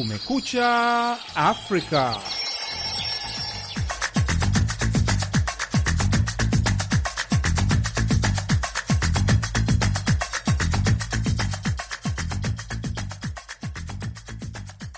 Kumekucha Afrika.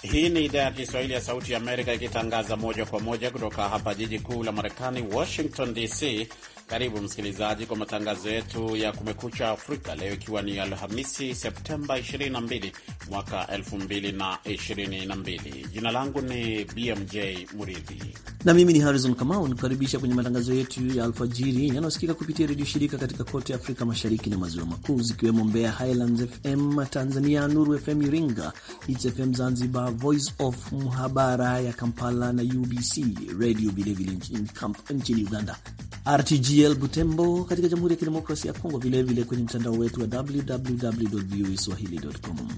Hii ni idhaa ya Kiswahili ya Sauti ya Amerika ikitangaza moja kwa moja kutoka hapa jiji kuu la Marekani, Washington DC. Karibu msikilizaji kwa matangazo yetu ya Kumekucha Afrika leo ikiwa ni Alhamisi Septemba 22 mwaka 2022. Jina langu ni BMJ Muridhi na mimi ni Harrison Kamau nikukaribisha kwenye matangazo yetu ya alfajiri yanayosikika kupitia redio shirika katika kote Afrika Mashariki na Maziwa Makuu, zikiwemo Mbeya Highlands FM Tanzania, Nuru FM Iringa, Hits FM Zanzibar, Voice of Muhabara ya Kampala na UBC Radio vilevile nchini Uganda. RTGL Butembo katika Jamhuri ya Kidemokrasia ya Kongo, vilevile kwenye mtandao wetu wa www swahili.com.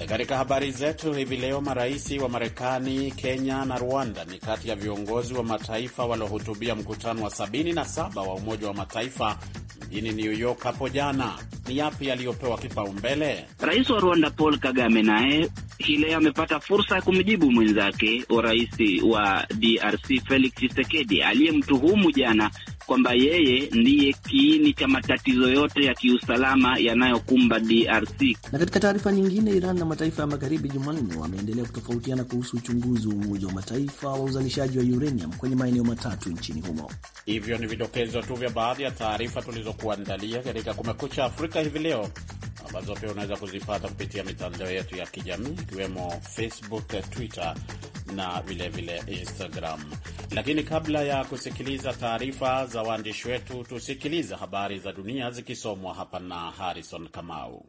Eh, katika habari zetu hivi leo, marais wa Marekani, Kenya na Rwanda ni kati ya viongozi wa mataifa waliohutubia mkutano wa 77 wa Umoja wa Mataifa mjini New York hapo jana ni yapi yaliyopewa kipaumbele? Rais wa Rwanda Paul Kagame naye hii leo amepata fursa ya kumjibu mwenzake wa rais wa DRC Felix Tshisekedi aliyemtuhumu jana kwamba yeye ndiye kiini cha matatizo yote ya kiusalama yanayokumba DRC. Na katika taarifa nyingine, Iran na mataifa ya magharibi Jumanne wameendelea kutofautiana kuhusu uchunguzi wa Umoja wa Mataifa wa uzalishaji wa uranium kwenye maeneo matatu nchini humo. Hivyo ni vidokezo tu vya baadhi ya taarifa tulizokuandalia katika Kumekucha Afrika hivi leo ambazo pia unaweza kuzipata kupitia mitandao yetu ya kijamii ikiwemo Facebook, Twitter na vilevile Instagram. Lakini kabla ya kusikiliza taarifa za waandishi wetu, tusikilize habari za dunia zikisomwa hapa na Harrison Kamau.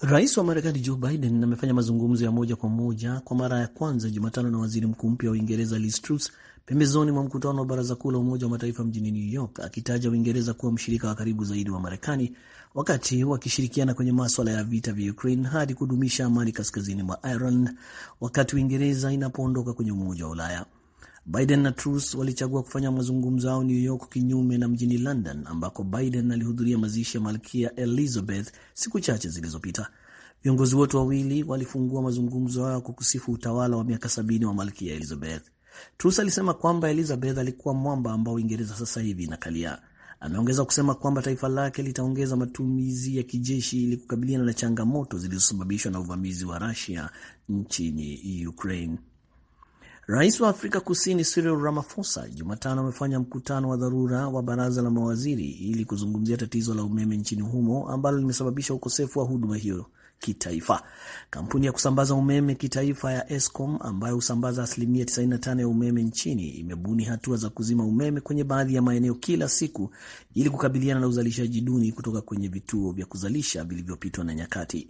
Rais wa Marekani Joe Biden amefanya mazungumzo ya moja kwa moja kwa mara ya kwanza Jumatano na waziri mkuu mpya wa Uingereza Liz Truss pembezoni mwa mkutano wa Baraza Kuu la Umoja wa Mataifa mjini New York, akitaja Uingereza kuwa mshirika wa karibu zaidi wa Marekani wakati wakishirikiana kwenye maswala ya vita vya Ukraine hadi kudumisha amani kaskazini mwa Iran wakati Uingereza inapoondoka kwenye Umoja wa Ulaya. Biden na Truss walichagua kufanya mazungumzo yao New York kinyume na mjini London ambako Biden alihudhuria mazishi ya Malkia Elizabeth siku chache zilizopita. Viongozi wote wawili walifungua mazungumzo hayo kwa kusifu utawala wa miaka sabini wa Malkia Elizabeth. Truss alisema kwamba Elizabeth alikuwa mwamba ambao Uingereza sasa hivi inakalia. Ameongeza kusema kwamba taifa lake litaongeza matumizi ya kijeshi ili kukabiliana na changamoto zilizosababishwa na uvamizi wa Rusia nchini Ukraine. Rais wa Afrika Kusini Cyril Ramaphosa Jumatano amefanya mkutano wa dharura wa baraza la mawaziri ili kuzungumzia tatizo la umeme nchini humo ambalo limesababisha ukosefu wa huduma hiyo kitaifa. Kampuni ya kusambaza umeme kitaifa ya Eskom ambayo husambaza asilimia 95 ya umeme nchini imebuni hatua za kuzima umeme kwenye baadhi ya maeneo kila siku ili kukabiliana na uzalishaji duni kutoka kwenye vituo vya kuzalisha vilivyopitwa na nyakati.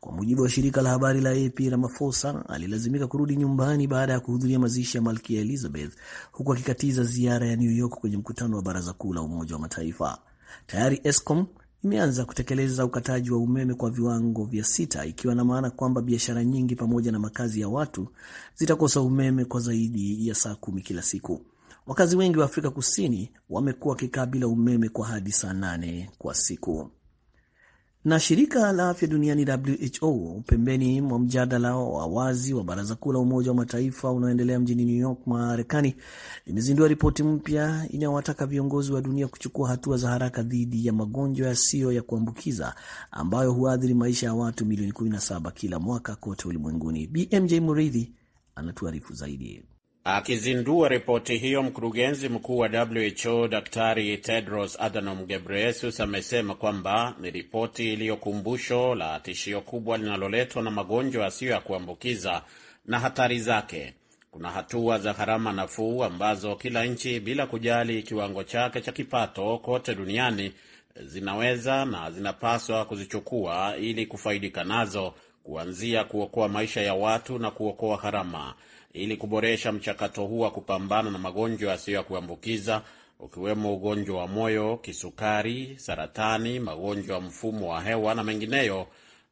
Kwa mujibu wa shirika la habari la AP, Ramaphosa alilazimika kurudi nyumbani baada ya kuhudhuria mazishi ya Malkia Elizabeth huku akikatiza ziara ya New York kwenye mkutano wa Baraza Kuu la Umoja wa Mataifa. Tayari Eskom imeanza kutekeleza ukataji wa umeme kwa viwango vya sita, ikiwa na maana kwamba biashara nyingi pamoja na makazi ya watu zitakosa umeme kwa zaidi ya saa kumi kila siku. Wakazi wengi wa Afrika Kusini wamekuwa wakikaa bila umeme kwa hadi saa nane kwa siku na shirika la afya duniani WHO pembeni mwa mjadala wa wazi wa baraza kuu la Umoja wa Mataifa unaoendelea mjini New York, Marekani, limezindua ripoti mpya inayowataka viongozi wa dunia kuchukua hatua za haraka dhidi ya magonjwa yasiyo ya kuambukiza ambayo huathiri maisha ya watu milioni 17 kila mwaka kote ulimwenguni. BMJ Muridhi anatuarifu zaidi. Akizindua ripoti hiyo, mkurugenzi mkuu wa WHO Daktari Tedros Adhanom Ghebreyesus amesema kwamba ni ripoti iliyo kumbusho la tishio kubwa linaloletwa na magonjwa yasiyo ya kuambukiza na hatari zake. Kuna hatua za gharama nafuu ambazo kila nchi, bila kujali kiwango chake cha kipato, kote duniani zinaweza na zinapaswa kuzichukua ili kufaidika nazo, kuanzia kuokoa maisha ya watu na kuokoa gharama ili kuboresha mchakato huu wa kupambana na magonjwa yasiyo ya kuambukiza ukiwemo ugonjwa wa moyo, kisukari, saratani, magonjwa ya mfumo wa hewa na mengineyo.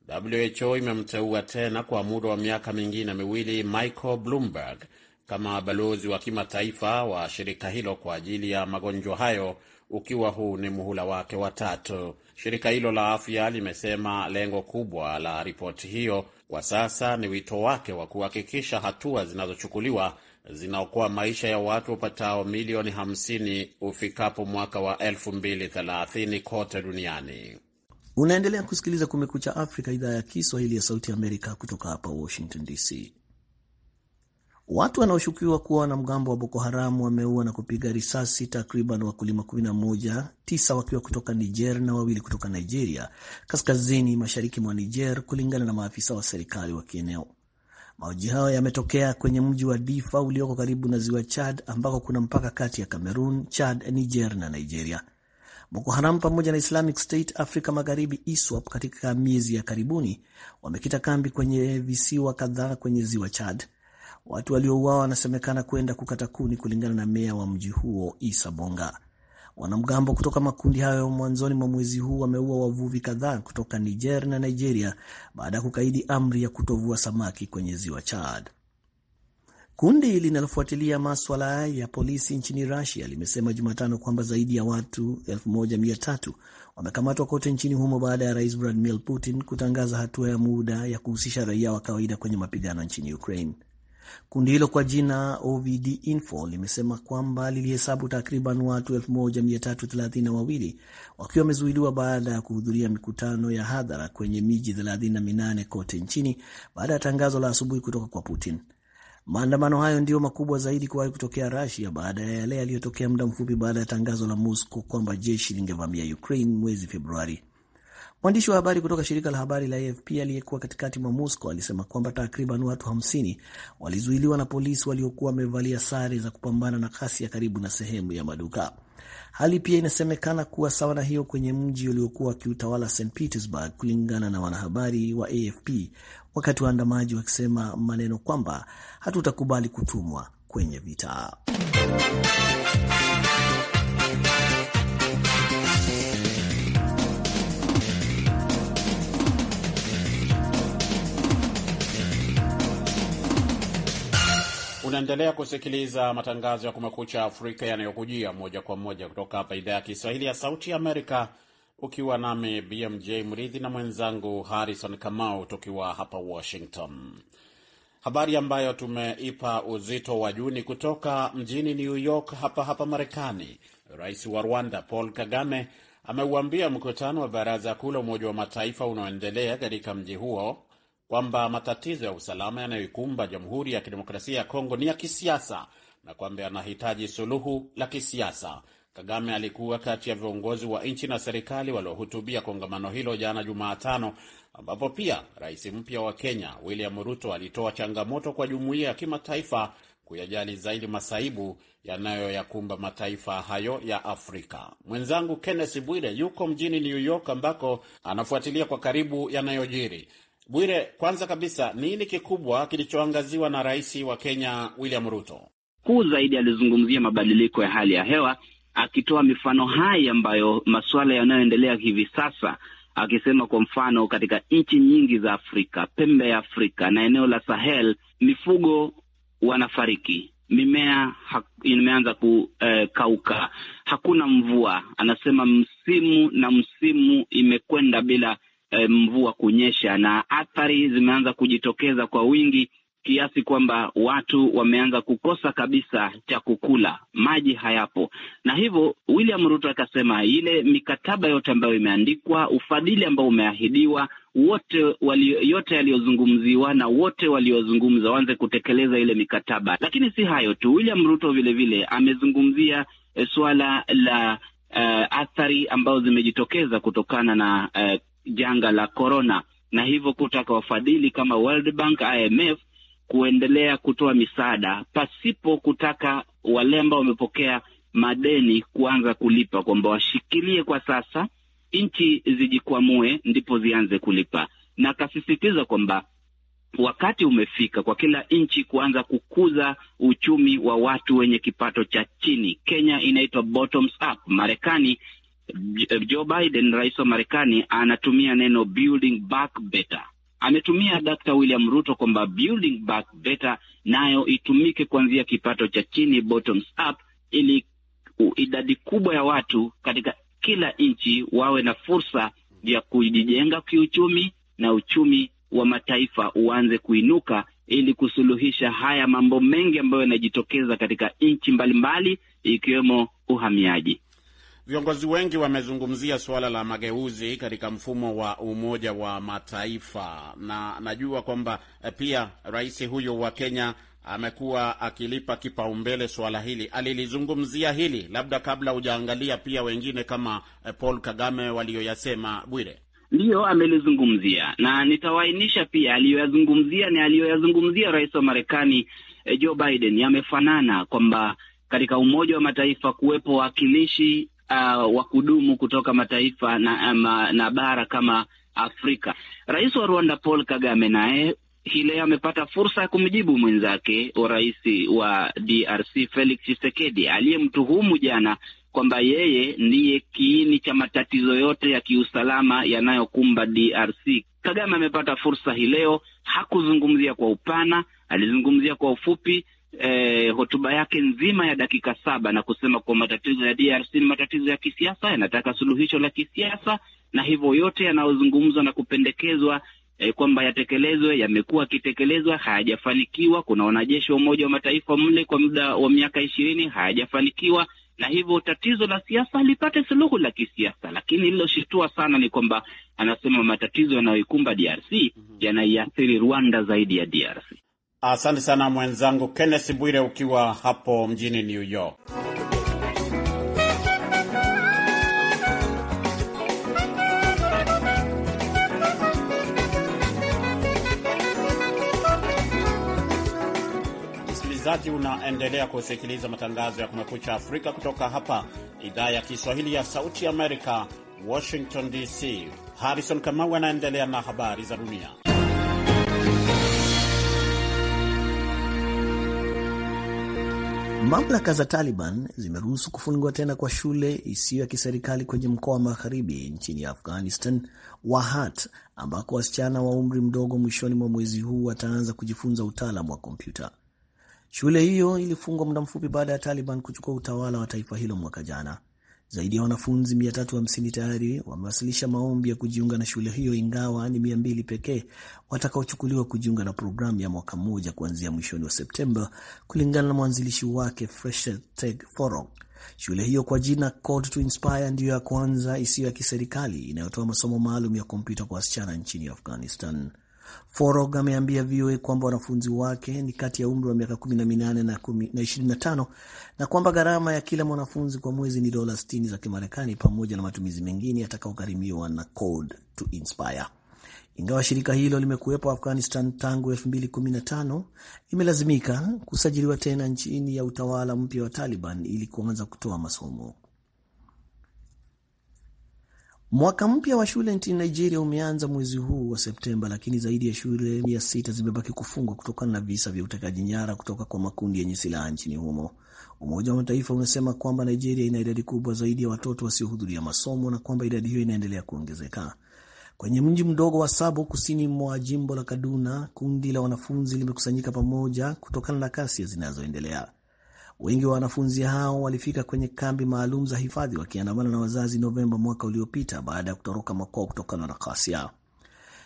WHO imemteua tena kwa muda wa miaka mingine miwili Michael Bloomberg kama balozi wa kimataifa wa shirika hilo kwa ajili ya magonjwa hayo, ukiwa huu ni muhula wake watatu. Shirika hilo la afya limesema lengo kubwa la ripoti hiyo kwa sasa ni wito wake wa kuhakikisha hatua zinazochukuliwa zinaokoa maisha ya watu wapatao milioni 50 ufikapo mwaka wa 2030 kote duniani. Unaendelea kusikiliza Kumekucha Afrika, idhaa ya Kiswahili ya Sauti ya Amerika, kutoka hapa Washington DC. Watu wanaoshukiwa kuwa wanamgambo wa Boko Haram wameua na kupiga risasi takriban wakulima 11, tisa wakiwa kutoka Niger na wawili kutoka Nigeria, kaskazini mashariki mwa Niger, kulingana na maafisa wa serikali wa kieneo. Mauaji hayo yametokea kwenye mji wa Difa ulioko karibu na ziwa Chad, ambako kuna mpaka kati ya Cameroon, Chad, Niger na Nigeria. Boko Haram pamoja na Islamic State Afrika Magharibi ISWAP katika miezi ya karibuni wamekita kambi kwenye visiwa kadhaa kwenye ziwa Chad Watu waliouawa wanasemekana kwenda kukata kuni, kulingana na meya wa mji huo Isa Bonga. Wanamgambo kutoka makundi hayo mwanzoni mwa mwezi huu wameua wavuvi kadhaa kutoka Niger na Nigeria baada ya kukaidi amri ya kutovua samaki kwenye ziwa Chad. Kundi linalofuatilia maswala ya polisi nchini Rusia limesema Jumatano kwamba zaidi ya watu 1300 wamekamatwa kote nchini humo baada ya rais Vladimir Putin kutangaza hatua ya muda ya kuhusisha raia wa kawaida kwenye mapigano nchini Ukraine. Kundi hilo kwa jina OVD Info limesema kwamba lilihesabu takriban watu 1332 wakiwa wamezuiliwa baada ya kuhudhuria mikutano ya hadhara kwenye miji 38 kote nchini baada ya tangazo la asubuhi kutoka kwa Putin. Maandamano hayo ndiyo makubwa zaidi kuwahi kutokea rasia baada ya yale yaliyotokea muda mfupi baada ya tangazo la Moscow kwamba jeshi lingevamia Ukraine mwezi Februari. Mwandishi wa habari kutoka shirika la habari la AFP aliyekuwa katikati mwa Moscow alisema kwamba takriban watu 50 walizuiliwa na polisi waliokuwa wamevalia sare za kupambana na ghasia karibu na sehemu ya maduka. Hali pia inasemekana kuwa sawa na hiyo kwenye mji uliokuwa wakiutawala St Petersburg, kulingana na wanahabari wa AFP, wakati waandamaji wakisema maneno kwamba hatutakubali kutumwa kwenye vita. Unaendelea kusikiliza matangazo ya Kumekucha Afrika yanayokujia moja kwa moja kutoka hapa idhaa ya Kiswahili ya Sauti ya Amerika, ukiwa nami BMJ Mridhi na mwenzangu Harrison Kamau tukiwa hapa Washington. Habari ambayo tumeipa uzito wa juu ni kutoka mjini New York hapa hapa Marekani. Rais wa Rwanda Paul Kagame ameuambia mkutano wa Baraza Kuu la Umoja wa Mataifa unaoendelea katika mji huo kwamba matatizo ya usalama yanayoikumba Jamhuri ya Kidemokrasia ya Kongo ni ya kisiasa na kwamba yanahitaji suluhu la kisiasa. Kagame alikuwa kati ya viongozi wa nchi na serikali waliohutubia kongamano hilo jana Jumatano, ambapo pia rais mpya wa Kenya William Ruto alitoa changamoto kwa jumuiya ya kimataifa kuyajali zaidi masaibu yanayoyakumba mataifa hayo ya Afrika. Mwenzangu Kenneth Bwire yuko mjini New York ambako anafuatilia kwa karibu yanayojiri. Bwire, kwanza kabisa, nini kikubwa kilichoangaziwa na rais wa Kenya William Ruto? Kuu zaidi alizungumzia mabadiliko ya hali ya hewa, akitoa mifano hai ambayo masuala yanayoendelea hivi sasa, akisema kwa mfano, katika nchi nyingi za Afrika, pembe ya Afrika na eneo la Sahel, mifugo wanafariki, mimea ha imeanza kukauka, eh, hakuna mvua. Anasema msimu na msimu imekwenda bila Eh, mvua kunyesha, na athari zimeanza kujitokeza kwa wingi kiasi kwamba watu wameanza kukosa kabisa cha kukula, maji hayapo. Na hivyo William Ruto akasema ile mikataba yote ambayo imeandikwa, ufadhili ambao umeahidiwa, wote wali, yote yaliyozungumziwa na wote waliozungumza waanze kutekeleza ile mikataba. Lakini si hayo tu, William Ruto vilevile vile, amezungumzia eh, suala la uh, athari ambazo zimejitokeza kutokana na uh, janga la corona, na hivyo kutaka wafadhili kama World Bank, IMF kuendelea kutoa misaada pasipo kutaka wale ambao wamepokea madeni kuanza kulipa, kwamba washikilie kwa sasa, nchi zijikwamue ndipo zianze kulipa, na akasisitiza kwamba wakati umefika kwa kila nchi kuanza kukuza uchumi wa watu wenye kipato cha chini. Kenya inaitwa bottoms up, Marekani Joe Biden, rais wa Marekani, anatumia neno building back better. Ametumia Dr. William Ruto kwamba building back better nayo itumike kuanzia kipato cha chini, bottoms up, ili idadi kubwa ya watu katika kila nchi wawe na fursa ya kujijenga kiuchumi na uchumi wa mataifa uanze kuinuka ili kusuluhisha haya mambo mengi ambayo yanajitokeza katika nchi mbalimbali ikiwemo uhamiaji. Viongozi wengi wamezungumzia suala la mageuzi katika mfumo wa Umoja wa Mataifa, na najua kwamba eh, pia rais huyo wa Kenya amekuwa akilipa kipaumbele suala hili, alilizungumzia hili labda kabla hujaangalia pia wengine kama eh, Paul Kagame walioyasema. Bwire ndiyo amelizungumzia, na nitawainisha pia aliyoyazungumzia na aliyoyazungumzia rais wa Marekani eh, Joe Biden yamefanana kwamba katika Umoja wa Mataifa kuwepo wawakilishi uh, wa kudumu kutoka mataifa na, na, na bara kama Afrika. Rais wa Rwanda Paul Kagame naye hii leo amepata fursa ya kumjibu mwenzake wa rais wa DRC Felix Tshisekedi aliyemtuhumu jana kwamba yeye ndiye kiini cha matatizo yote ya kiusalama yanayokumba DRC. Kagame amepata fursa hii leo, hakuzungumzia kwa upana, alizungumzia kwa ufupi eh, hotuba yake nzima ya dakika saba na kusema kuwa matatizo ya DRC ni matatizo ya kisiasa, yanataka suluhisho la kisiasa, na hivyo yote yanayozungumzwa na kupendekezwa eh, kwamba yatekelezwe yamekuwa yakitekelezwa, hayajafanikiwa. Kuna wanajeshi wa Umoja wa Mataifa mle kwa muda wa miaka ishirini, hayajafanikiwa na hivyo tatizo la siasa lipate suluhu la kisiasa. Lakini lililoshitua sana ni kwamba anasema matatizo yanayoikumba DRC mhm. yanaiathiri Rwanda zaidi ya DRC. Asante sana mwenzangu Kenneth Bwire ukiwa hapo mjini New York. Msikilizaji, unaendelea kusikiliza matangazo ya Kumekucha Afrika kutoka hapa idhaa ya Kiswahili ya Sauti Amerika, Washington DC. Harrison Kamau anaendelea na habari za dunia. Mamlaka za Taliban zimeruhusu kufungwa tena kwa shule isiyo ya kiserikali kwenye mkoa wa magharibi nchini Afghanistan wa Hat, ambako wasichana wa umri mdogo mwishoni mwa mwezi huu wataanza kujifunza utaalamu wa kompyuta. Shule hiyo ilifungwa muda mfupi baada ya Taliban kuchukua utawala wa taifa hilo mwaka jana. Zaidi ya wanafunzi 350 tayari wamewasilisha maombi ya kujiunga na shule hiyo, ingawa ni 200 pekee watakaochukuliwa kujiunga na programu ya mwaka mmoja kuanzia mwishoni wa Septemba, kulingana na mwanzilishi wake Fresheteg Forong. Shule hiyo kwa jina Code to Inspire ndiyo ya kwanza isiyo ya kiserikali inayotoa masomo maalum ya kompyuta kwa wasichana nchini Afghanistan. Forog ameambia VOA kwamba wanafunzi wake ni kati ya umri wa miaka 18 na 25 na kwamba gharama ya kila mwanafunzi kwa mwezi ni dola 60 za Kimarekani pamoja na matumizi mengine yatakaogharimiwa na Code to Inspire. Ingawa shirika hilo limekuwepo Afghanistan tangu 2015, imelazimika kusajiliwa tena chini ya utawala mpya wa Taliban ili kuanza kutoa masomo. Mwaka mpya wa shule nchini Nigeria umeanza mwezi huu wa Septemba, lakini zaidi ya shule mia sita zimebaki kufungwa kutokana na visa vya utekaji nyara kutoka kwa makundi yenye silaha nchini humo. Umoja wa Mataifa unasema kwamba Nigeria ina idadi kubwa zaidi ya watoto wasiohudhuria masomo na kwamba idadi hiyo inaendelea kuongezeka. Kwenye mji mdogo wa Sabo kusini mwa jimbo la Kaduna, kundi la wanafunzi limekusanyika pamoja kutokana na kasia zinazoendelea. Wengi wa wanafunzi hao walifika kwenye kambi maalum za hifadhi wakiandamana na wazazi Novemba mwaka uliopita baada ya kutoroka makwao kutokana na ghasia.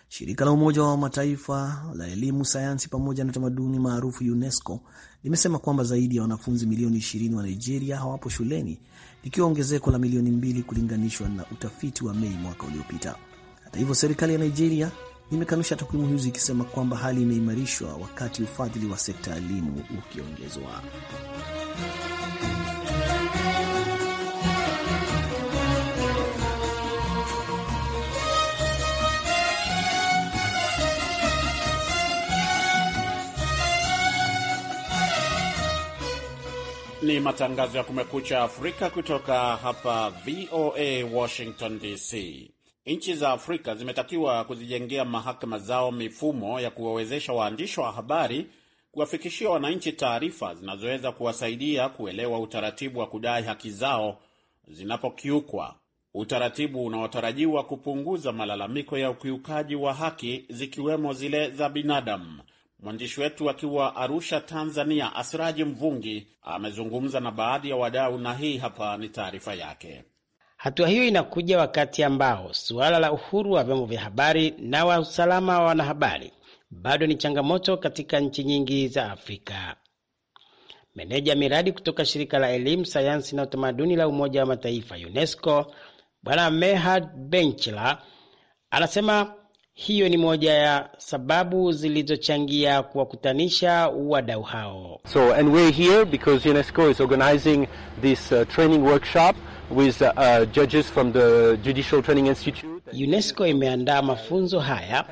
Shirika la Umoja wa Mataifa la elimu, sayansi pamoja na tamaduni maarufu UNESCO limesema kwamba zaidi ya wanafunzi milioni 20 wa Nigeria hawapo shuleni, likiwa ongezeko la milioni mbili kulinganishwa na utafiti wa Mei mwaka uliopita. Hata hivyo, serikali ya Nigeria imekanusha takwimu hizo ikisema kwamba hali imeimarishwa wakati ufadhili wa sekta ya elimu ukiongezwa. Ni matangazo ya Kumekucha Afrika kutoka hapa VOA Washington DC. Nchi za Afrika zimetakiwa kuzijengea mahakama zao mifumo ya kuwawezesha waandishi wa habari kuwafikishia wananchi taarifa zinazoweza kuwasaidia kuelewa utaratibu wa kudai haki zao zinapokiukwa, utaratibu unaotarajiwa kupunguza malalamiko ya ukiukaji wa haki zikiwemo zile za binadamu. Mwandishi wetu akiwa Arusha, Tanzania, Asiraji Mvungi amezungumza na baadhi ya wadau na hii hapa ni taarifa yake. Hatua hiyo inakuja wakati ambao suala la uhuru wa vyombo vya habari na wa usalama wa wanahabari bado ni changamoto katika nchi nyingi za Afrika. Meneja miradi kutoka shirika la elimu, sayansi na utamaduni la Umoja wa Mataifa UNESCO, Bwana Mehad Benchla anasema hiyo ni moja ya sababu zilizochangia kuwakutanisha wadau hao. So, and we're here because UNESCO is organizing this uh, training workshop with, uh, judges from the Judicial Training Institute. UNESCO imeandaa mafunzo haya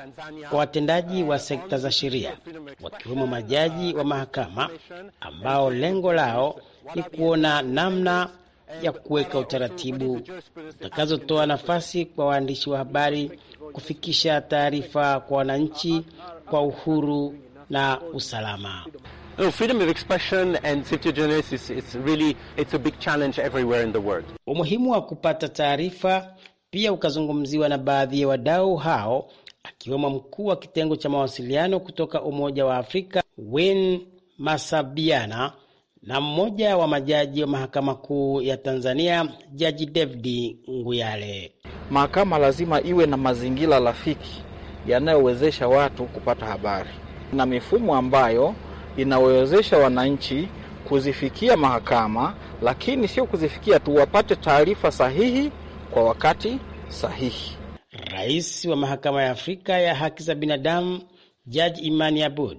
kwa watendaji wa sekta za sheria wakiwemo majaji wa mahakama ambao lengo lao ni kuona namna ya kuweka utaratibu utakazotoa nafasi kwa waandishi wa habari kufikisha taarifa kwa wananchi kwa uhuru na usalama. No, oh, freedom of expression and safety of journalists is, it's really, it's a big challenge everywhere in the world. Umuhimu wa kupata taarifa pia ukazungumziwa na baadhi ya wadau hao akiwemo mkuu wa kitengo cha mawasiliano kutoka Umoja wa Afrika Win Masabiana na mmoja wa majaji wa mahakama kuu ya Tanzania Jaji David Nguyale. Mahakama lazima iwe na mazingira rafiki yanayowezesha watu kupata habari na mifumo ambayo inawezesha wananchi kuzifikia mahakama, lakini sio kuzifikia tu, wapate taarifa sahihi kwa wakati sahihi. Rais wa Mahakama ya Afrika ya Haki za Binadamu Jaji Imani Abud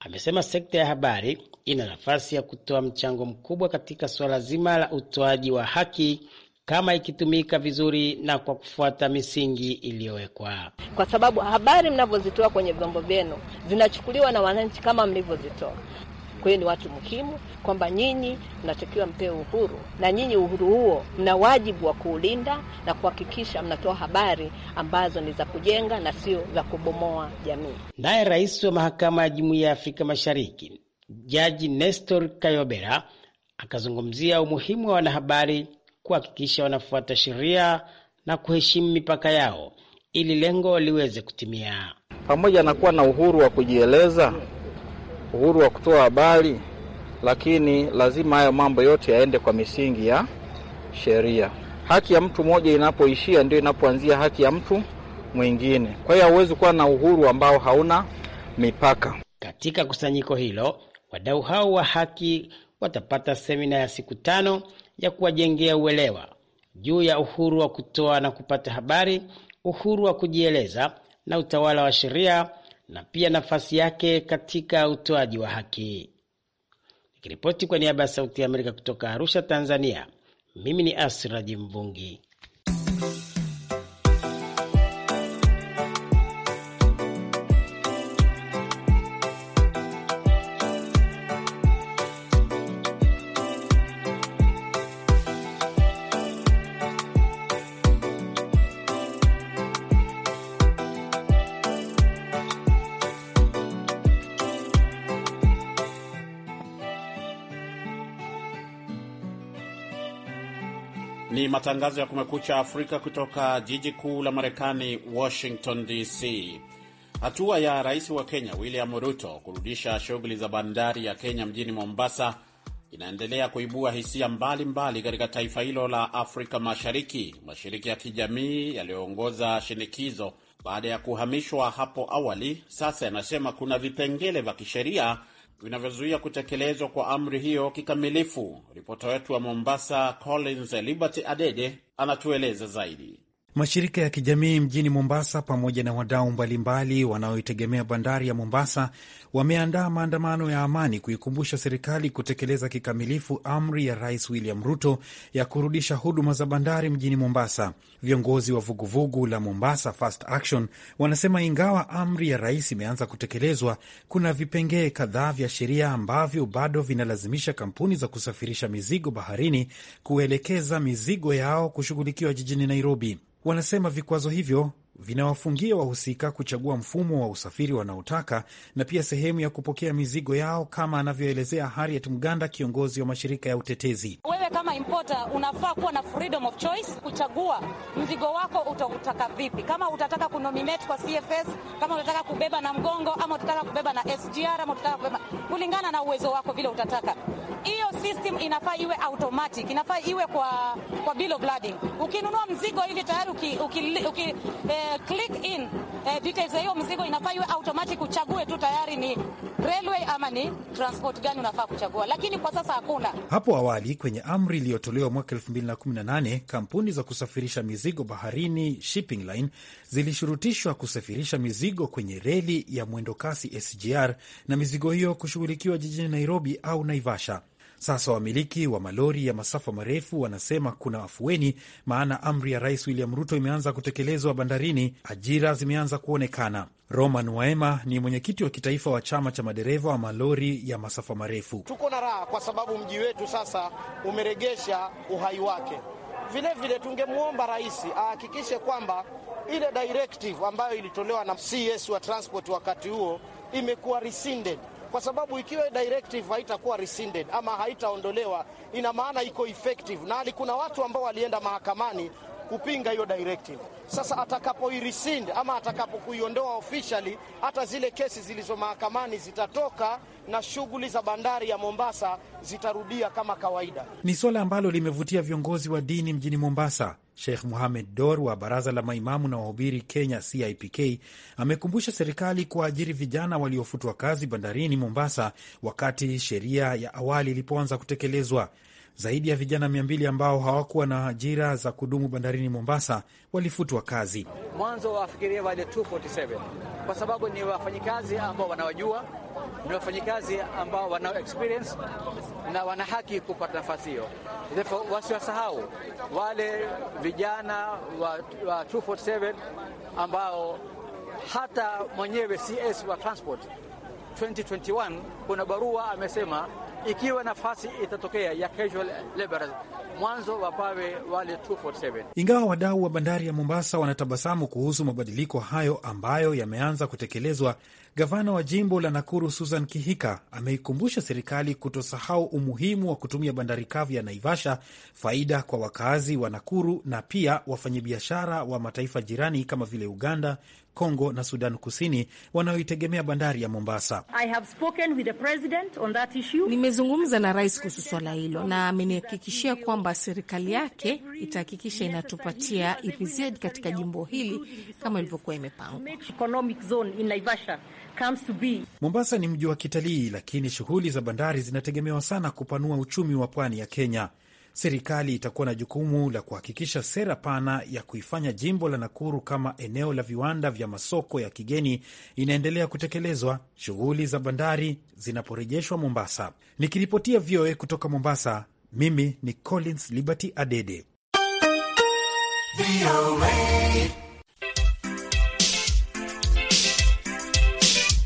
amesema sekta ya habari ina nafasi ya kutoa mchango mkubwa katika suala zima la utoaji wa haki kama ikitumika vizuri na kwa kufuata misingi iliyowekwa, kwa sababu habari mnavyozitoa kwenye vyombo vyenu zinachukuliwa na wananchi kama mlivyozitoa. Kwa hiyo ni watu muhimu kwamba nyinyi mnatakiwa mpee uhuru, na nyinyi uhuru huo mna wajibu wa kuulinda na kuhakikisha mnatoa habari ambazo ni za kujenga na sio za kubomoa jamii. Naye rais wa mahakama ya jumuiya ya Afrika Mashariki Jaji Nestor Kayobera akazungumzia umuhimu wa wanahabari kuhakikisha wanafuata sheria na kuheshimu mipaka yao ili lengo liweze kutimia. Pamoja na kuwa na uhuru wa kujieleza, uhuru wa kutoa habari, lakini lazima hayo mambo yote yaende kwa misingi ya sheria. Haki ya mtu mmoja inapoishia ndio inapoanzia haki ya mtu mwingine. Kwa hiyo hauwezi kuwa na uhuru ambao hauna mipaka. Katika kusanyiko hilo, wadau hao wa haki watapata semina ya siku tano ya kuwajengea uelewa juu ya uhuru wa kutoa na kupata habari, uhuru wa kujieleza na utawala wa sheria na pia nafasi yake katika utoaji wa haki. Nikiripoti kwa niaba ya Sauti ya Amerika kutoka Arusha, Tanzania, mimi ni Asraji Mvungi. Ni matangazo ya Kumekucha Afrika kutoka jiji kuu la Marekani, Washington DC. Hatua ya rais wa Kenya William Ruto kurudisha shughuli za bandari ya Kenya mjini Mombasa inaendelea kuibua hisia mbalimbali katika taifa hilo la Afrika Mashariki. Mashirika ya kijamii yaliyoongoza shinikizo baada ya kuhamishwa hapo awali, sasa yanasema kuna vipengele vya kisheria vinavyozuia kutekelezwa kwa amri hiyo kikamilifu. Ripota wetu wa Mombasa, Collins Liberty Adede, anatueleza zaidi. Mashirika ya kijamii mjini Mombasa pamoja na wadau mbalimbali wanaoitegemea bandari ya Mombasa wameandaa maandamano ya amani kuikumbusha serikali kutekeleza kikamilifu amri ya Rais William Ruto ya kurudisha huduma za bandari mjini Mombasa. Viongozi wa vuguvugu la Mombasa Fast Action wanasema ingawa amri ya rais imeanza kutekelezwa, kuna vipengee kadhaa vya sheria ambavyo bado vinalazimisha kampuni za kusafirisha mizigo baharini kuelekeza mizigo yao kushughulikiwa jijini Nairobi. Wanasema vikwazo hivyo vinawafungia wahusika kuchagua mfumo wa usafiri wanaotaka na pia sehemu ya kupokea mizigo yao, kama anavyoelezea Harriet Mganda, kiongozi wa mashirika ya utetezi. Wewe kama importer unafaa kuwa na freedom of choice kuchagua mzigo wako utautaka vipi, kama utataka kunominate kwa CFS, kama utataka kubeba na mgongo, ama utataka kubeba na SGR, ama utataka kubeba kulingana na uwezo wako vile utataka. Hiyo system inafaa iwe automatic, inafaa iwe kwa, kwa bill of lading. Ukinunua mzigo hivi tayari uki, uki, uki, eh, click in eh, details ya hiyo mzigo inafaa iwe automatic, uchague tu tayari ni railway ama ni transport gani unafaa kuchagua, lakini kwa sasa hakuna. Hapo awali kwenye amri iliyotolewa mwaka 2018 kampuni za kusafirisha mizigo baharini shipping line zilishurutishwa kusafirisha mizigo kwenye reli ya mwendokasi SGR na mizigo hiyo kushughulikiwa jijini Nairobi au Naivasha. Sasa wamiliki wa malori ya masafa marefu wanasema kuna afueni, maana amri ya Rais William Ruto imeanza kutekelezwa bandarini, ajira zimeanza kuonekana. Roman Waema ni mwenyekiti wa kitaifa wa chama cha madereva wa malori ya masafa marefu. Tuko na raha kwa sababu mji wetu sasa umeregesha uhai wake. Vilevile tungemwomba rais ahakikishe kwamba ile directive ambayo ilitolewa na CS wa transport wakati huo imekuwa rescinded kwa sababu ikiwa directive haitakuwa rescinded ama haitaondolewa, ina maana iko effective, na kuna watu ambao walienda mahakamani kupinga hiyo directive. Sasa rescind ama atakapokuiondoa officially, hata zile kesi zilizo mahakamani zitatoka na shughuli za bandari ya Mombasa zitarudia kama kawaida. Ni swala ambalo limevutia viongozi wa dini mjini Mombasa Sheikh Muhamed Dor wa baraza la maimamu na wahubiri Kenya CIPK amekumbusha serikali kuwaajiri vijana waliofutwa kazi bandarini Mombasa wakati sheria ya awali ilipoanza kutekelezwa. Zaidi ya vijana 2 ambao hawakuwa na ajira za kudumu bandarini Mombasa walifutwa kazi. Mwanzo wafikiria wale 247 kwa sababu ni wafanyikazi ambao wanawajua, ni wafanyikazi ambao wana experience na wana haki kupata nafasi hiyo. Wasiwasahau wale vijana wa, wa 247 ambao hata mwenyewe CS wa transport 2021 kuna barua amesema ikiwa nafasi itatokea ya casual laborers, mwanzo wapawe wale 247. Ingawa wadau wa bandari ya Mombasa wanatabasamu kuhusu mabadiliko hayo ambayo yameanza kutekelezwa Gavana wa jimbo la Nakuru Susan Kihika ameikumbusha serikali kutosahau umuhimu wa kutumia bandari kavu ya Naivasha, faida kwa wakazi wa Nakuru na pia wafanyabiashara wa mataifa jirani kama vile Uganda, Kongo na Sudan Kusini wanaoitegemea bandari ya Mombasa. Nimezungumza na rais kuhusu swala hilo na amenihakikishia kwamba serikali yake itahakikisha inatupatia EPZ katika jimbo hili kama ilivyokuwa imepangwa comes to be. Mombasa ni mji wa kitalii, lakini shughuli za bandari zinategemewa sana kupanua uchumi wa pwani ya Kenya. Serikali itakuwa na jukumu la kuhakikisha sera pana ya kuifanya jimbo la Nakuru kama eneo la viwanda vya masoko ya kigeni inaendelea kutekelezwa shughuli za bandari zinaporejeshwa Mombasa. Nikiripotia VOA kutoka Mombasa, mimi ni Collins Liberty Adede.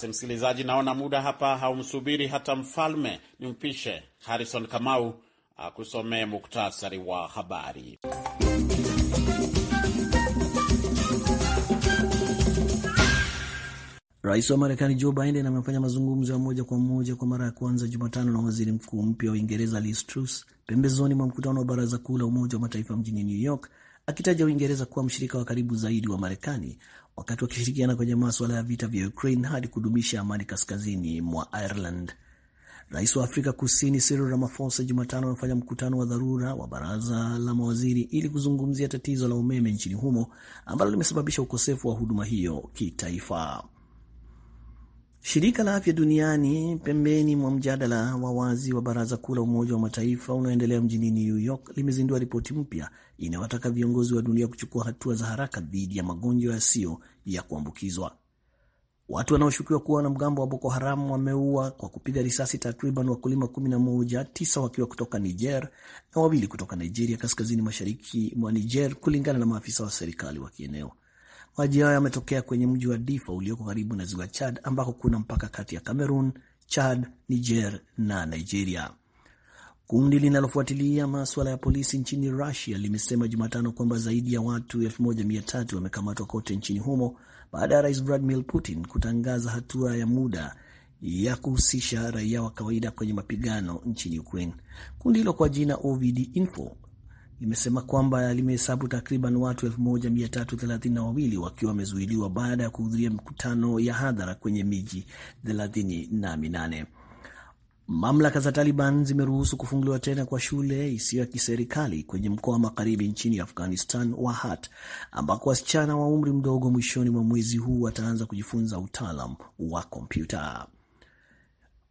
Basi msikilizaji, naona muda hapa haumsubiri hata mfalme, nimpishe Harrison Kamau akusomee muktasari wa habari. Rais wa Marekani Joe Biden amefanya mazungumzo ya moja kwa moja kwa mara ya kwanza Jumatano na waziri mkuu mpya wa Uingereza Liz Truss pembezoni mwa mkutano wa baraza kuu la Umoja wa Mataifa mjini New York, akitaja Uingereza kuwa mshirika wa karibu zaidi wa Marekani wakati wakishirikiana kwenye maswala ya vita vya Ukraine hadi kudumisha amani kaskazini mwa Ireland. Rais wa Afrika Kusini Cyril Ramaphosa Jumatano amefanya mkutano wa dharura wa baraza la mawaziri ili kuzungumzia tatizo la umeme nchini humo ambalo limesababisha ukosefu wa huduma hiyo kitaifa. Shirika la Afya Duniani, pembeni mwa mjadala wa wazi wa Baraza Kuu la Umoja wa Mataifa unaoendelea mjini New York, limezindua ripoti mpya inayowataka viongozi wa dunia kuchukua hatua za haraka dhidi ya magonjwa yasiyo ya kuambukizwa. Watu wanaoshukiwa kuwa wanamgambo wa Boko Haram wameua kwa kupiga risasi takriban wakulima kumi tisa wakiwa kutoka Niger na wawili kutoka Nigeria, kaskazini mashariki mwa Niger, kulingana na maafisa wa serikali wa kieneo. Maji hayo yametokea kwenye mji wa Difa ulioko karibu na ziwa Chad, ambako kuna mpaka kati ya Cameroon, Chad, Niger na Nigeria. Kundi linalofuatilia maswala ya polisi nchini Rusia limesema Jumatano kwamba zaidi ya watu 1300 wamekamatwa kote nchini humo baada ya rais Vladimir Putin kutangaza hatua ya muda ya kuhusisha raia wa kawaida kwenye mapigano nchini Ukraine. Kundi hilo kwa jina OVD Info limesema kwamba limehesabu takriban watu 1332 wakiwa wamezuiliwa baada ya kuhudhuria mikutano ya hadhara kwenye miji 38. Mamlaka za Taliban zimeruhusu kufunguliwa tena kwa shule isiyo ya kiserikali kwenye mkoa wa magharibi nchini Afghanistan wa Hat, ambako wasichana wa umri mdogo mwishoni mwa mwezi huu wataanza kujifunza utaalam wa kompyuta.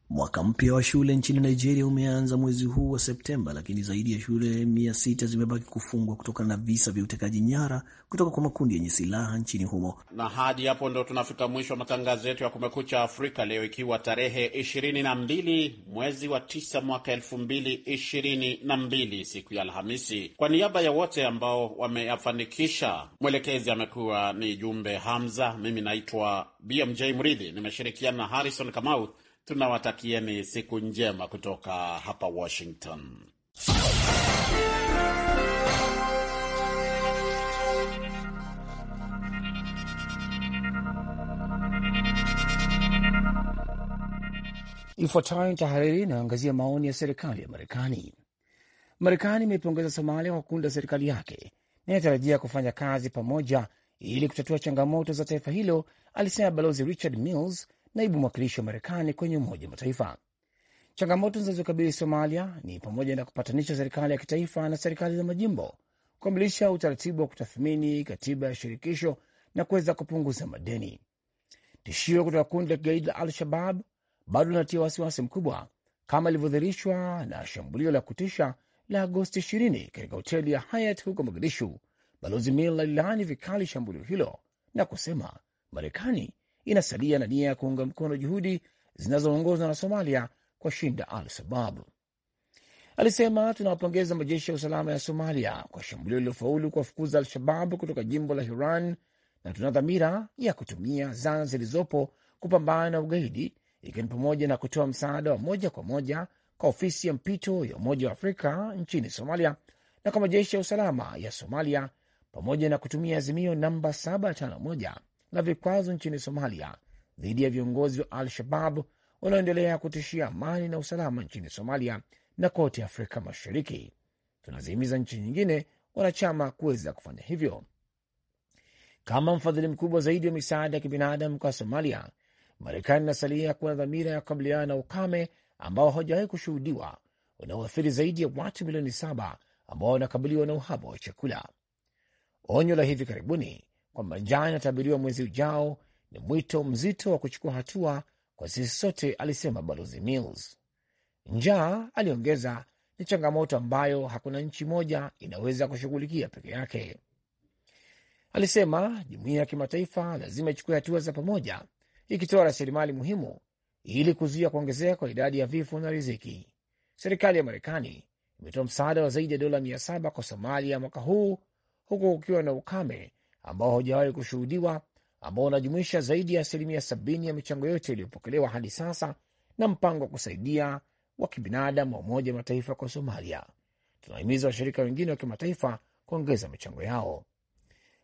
Mwaka mpya wa shule nchini Nigeria umeanza mwezi huu wa Septemba, lakini zaidi ya shule mia sita zimebaki kufungwa kutokana na visa vya utekaji nyara kutoka kwa makundi yenye silaha nchini humo. Na hadi hapo ndo tunafika mwisho wa matangazo yetu ya Kumekucha Afrika leo, ikiwa tarehe 22 mwezi wa 9 mwaka 2022, siku ya Alhamisi. Kwa niaba ya wote ambao wameyafanikisha, mwelekezi amekuwa ni Jumbe Hamza, mimi naitwa BMJ Mridhi, nimeshirikiana na Harrison Kamau tunawatakieni siku njema kutoka hapa Washington. Ifuatayo ni tahariri inayoangazia maoni ya serikali ya Marekani. Marekani imeipongeza Somalia kwa kuunda serikali yake na inatarajia kufanya kazi pamoja ili kutatua changamoto za taifa hilo, alisema Balozi Richard Mills, naibu mwakilishi wa Marekani kwenye Umoja wa Mataifa. Changamoto zinazokabili Somalia ni pamoja na kupatanisha serikali ya kitaifa na serikali za majimbo, kukamilisha utaratibu wa kutathmini katiba ya shirikisho na kuweza kupunguza madeni. Tishio kutoka kundi la kigaidi la Al-Shabab bado linatia wasiwasi mkubwa, kama ilivyodhihirishwa na shambulio la kutisha la Agosti 20 katika hoteli ya Hayat huko Mogadishu. Balozi Mil alilaani vikali shambulio hilo na kusema Marekani inasalia na nia ya kuunga mkono juhudi zinazoongozwa na Somalia shinda al Shabab. Alisema, tunawapongeza majeshi ya usalama ya Somalia kwa shambulio lilofaulu kuwafukuza Al-Shabab kutoka jimbo la Hiran, na tuna dhamira ya kutumia zana zilizopo kupambana na ugaidi, ikiwa ni pamoja na kutoa msaada wa moja kwa moja kwa ofisi ya mpito ya Umoja wa Afrika nchini Somalia na kwa majeshi ya usalama ya Somalia, pamoja na kutumia azimio namba 751 na vikwazo nchini Somalia dhidi ya viongozi wa Al-Shabab wanaoendelea kutishia amani na usalama nchini Somalia na kote Afrika Mashariki. Tunazihimiza nchi nyingine wanachama kuweza kufanya hivyo. Kama mfadhili mkubwa zaidi wa misaada ya kibinadamu kwa Somalia, Marekani inasalia kuwa na dhamira ya kukabiliana na ukame ambao hawajawahi kushuhudiwa unaoathiri zaidi ya watu milioni saba ambao wanakabiliwa na uhaba wa chakula. Onyo la hivi karibuni kwamba njaa inatabiriwa mwezi ujao ni mwito mzito wa kuchukua hatua kwa sisi sote, alisema balozi Mills. Njaa, aliongeza, ni changamoto ambayo hakuna nchi moja inaweza kushughulikia peke yake. Alisema jumuiya ya kimataifa lazima ichukue hatua za pamoja, ikitoa rasilimali muhimu ili kuzuia kuongezeka kwa idadi ya vifo na riziki. Serikali ya Marekani imetoa msaada wa zaidi ya dola mia saba kwa Somalia mwaka huu huku kukiwa na ukame ambao hawajawahi kushuhudiwa, ambao unajumuisha zaidi ya asilimia sabini ya michango yote iliyopokelewa hadi sasa na mpango wa kusaidia wa kibinadamu wa Umoja Mataifa kwa Somalia. Tunahimiza washirika wengine wa kimataifa kuongeza michango yao.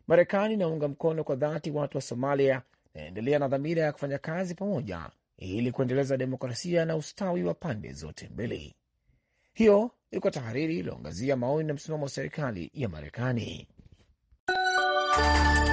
Marekani inaunga mkono kwa dhati watu wa Somalia naendelea na dhamira ya kufanya kazi pamoja ili kuendeleza demokrasia na ustawi wa pande zote mbili. Hiyo ilikuwa tahariri iliyoangazia maoni na msimamo wa serikali ya Marekani. Bye.